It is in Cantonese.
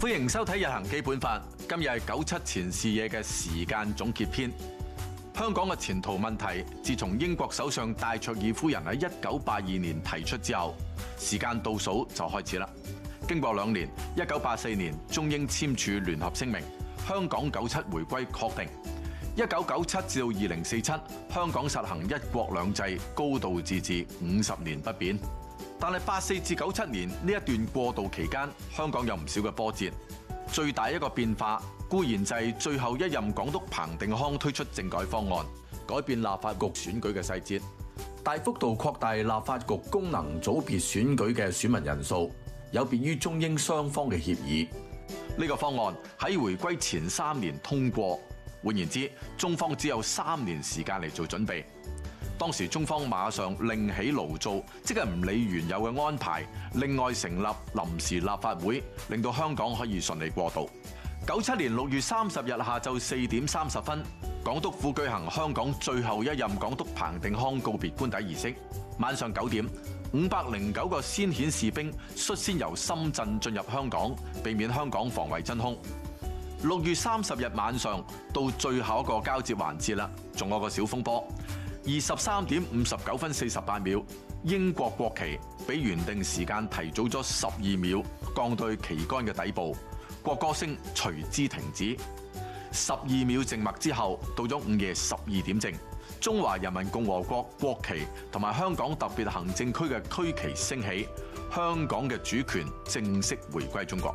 歡迎收睇《日行基本法》，今日係九七前視野嘅時間總結篇。香港嘅前途問題，自從英國首相戴卓爾夫人喺一九八二年提出之後，時間倒數就開始啦。經過兩年，一九八四年中英簽署聯合聲明，香港九七回歸確定。一九九七至二零四七，香港實行一國兩制、高度自治，五十年不變。但係八四至九七年呢一段過渡期間，香港有唔少嘅波折。最大一個變化固然就係最後一任港督彭定康推出政改方案，改變立法局選舉嘅細節，大幅度擴大立法局功能組別選舉嘅選民人數，有別於中英雙方嘅協議。呢個方案喺回歸前三年通過，換言之，中方只有三年時間嚟做準備。當時中方馬上另起爐灶，即係唔理原有嘅安排，另外成立臨時立法會，令到香港可以順利過渡。九七年六月三十日下晝四點三十分，港督府舉行香港最後一任港督彭定康告別官邸儀式。晚上九點，五百零九個先遣士兵率先由深圳進入香港，避免香港防衛真空。六月三十日晚上，到最後一個交接環節啦，仲有個小風波。二十三點五十九分四十八秒，英國國旗比原定時間提早咗十二秒降到旗杆嘅底部，國歌聲隨之停止。十二秒靜默之後，到咗午夜十二點正，中華人民共和國國旗同埋香港特別行政區嘅區旗升起，香港嘅主權正式回歸中國。